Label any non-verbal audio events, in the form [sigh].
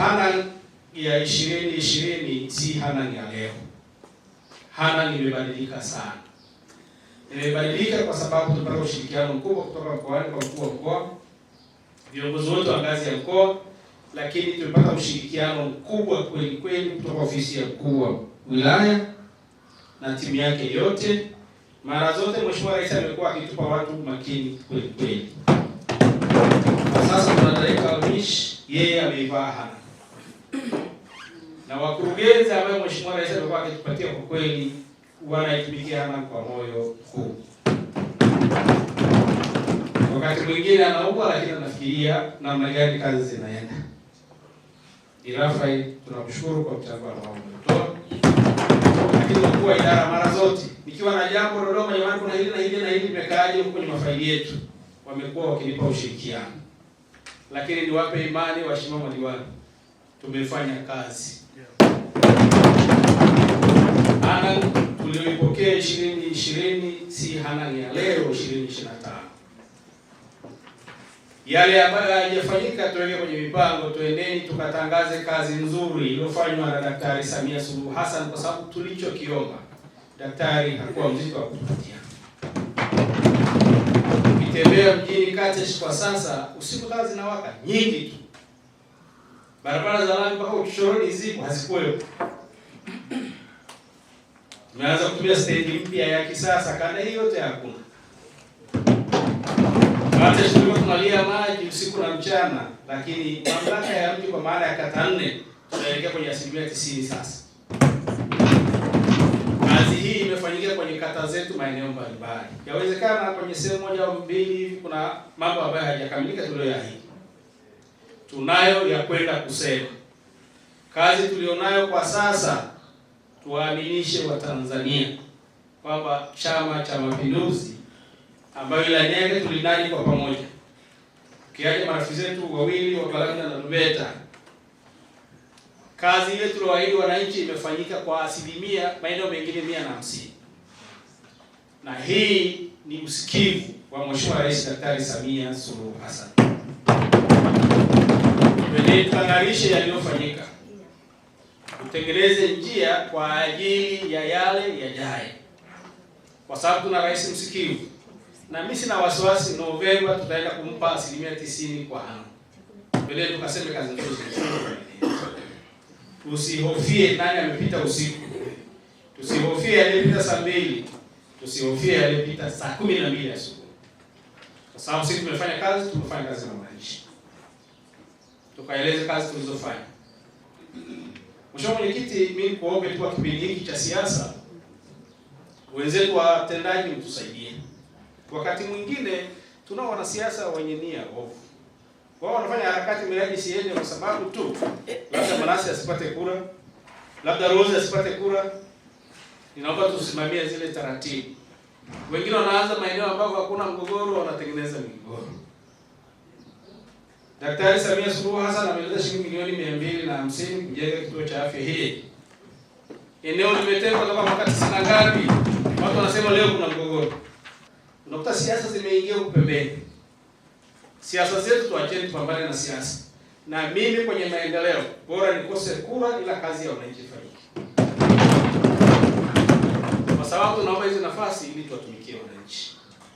Hanan ya ishirini ishirini si Hanan ya leo. Hanan imebadilika sana, imebadilika kwa sababu tunapata ushirikiano mkubwa kutoka mkoani kwa mkuu wa mkoa, viongozi wote wa ngazi ya mkoa, lakini tumepata ushirikiano mkubwa kweli kweli kutoka ofisi ya mkuu wa wilaya na timu yake yote. Mara zote Mheshimiwa Rais amekuwa akitupa watu makini kweli kweli, Sasa tunataka tunataraji yeye ameivaa Hana. [coughs] na wakurugenzi ambayo Mheshimiwa Rais alikuwa akitupatia kwa kweli wanaitumikia Hanang' kwa moyo mkuu. Wakati mwingine anaumwa, lakini anafikiria namna gani kazi zinaenda. Ni Rafael, tunamshukuru kwa mchango ambao umetoa, lakini mkuu wa idara mara zote nikiwa na jambo Dodoma, jamani, kuna hili na hili na hili, imekaaje huko kwenye mafaili yetu, wamekuwa wakinipa ushirikiano, lakini niwape imani, waheshimiwa madiwani tumefanya kazi Hanan tulioipokea ishirini ishirini si Hanan ya leo ishirini ishirini na tano. Yale ambayo hayajafanyika tuweke kwenye mipango, tuendeni tukatangaze kazi nzuri iliyofanywa na Daktari Samia Suluhu Hassan, kwa sababu tulichokiomba daktari hakuwa mzito wa kutupatia. Ukitembea mjini Katesh kwa sasa, usiku taa zinawaka nyingi tu barabara za lami mpaka uchochoroni zipo hazikuwepo. Tumeanza kutumia stendi mpya ya kisasa, kanda hii yote hakuna. Hata tulikuwa tunalia maji usiku na mchana, lakini mamlaka ya mji kwa maana ya kata nne tunaelekea kwenye asilimia tisini sasa. Kazi hii imefanyika kwenye kata zetu maeneo mbalimbali, yawezekana kwenye sehemu moja au mbili kuna mambo ambayo hayajakamilika tulioyaahidi tunayo ya kwenda kusema. Kazi tulionayo kwa sasa, tuwaaminishe Watanzania kwamba Chama cha Mapinduzi ambayo ilani yake tulinadi kwa pamoja, ukiacha marafiki zetu wawili wa Kalanga na Lubeta, kazi ile tulioahidi wananchi imefanyika kwa asilimia maeneo mengine mia na hamsini, na hii ni usikivu wa Mheshimiwa Rais Daktari Samia Suluhu Hassan. Tulitangalishe yaliyofanyika, tutengeleze njia kwa ajili ya yale yajaye, kwa sababu tuna rais msikivu, na mimi sina wasiwasi. Novemba tutaenda kumpa asilimia tisini kwa hamu mbele, tukaseme kazi nzuri. Tusihofie nani amepita usiku, tusihofie aliyepita saa mbili, tusihofie aliyepita saa kumi na mbili asubuhi, kwa sababu sisi tumefanya kazi, tumefanya kazi na wananchi tukaeleza kazi tulizofanya. Mheshimiwa Mwenyekiti, mimi kuombe tu kipindi hiki cha siasa wenzetu watendaji mtusaidie. Wakati mwingine tunao wanasiasa wenye nia ovu, wao wanafanya harakati miradi siende kwa sababu tu labda Manase asipate kura, labda Rose asipate kura. Ninaomba tusimamie zile taratibu. Wengine wanaanza maeneo ambapo hakuna mgogoro, wanatengeneza migogoro. Daktari Samia Suluhu Hassan ameleta shilingi milioni mia mbili na hamsini kujenga kituo cha afya hii. Eneo limetengwa kama mwaka tisini na ngapi, watu wanasema leo kuna mgogoro. Unakuta siasa zimeingia huko pembeni. Siasa zetu tuacheni, tupambane na siasa, na mimi kwenye maendeleo bora nikose kura, ila kazi ya wananchi ifanyike, kwa sababu tunaomba hizi nafasi ili tuwatumikie wananchi.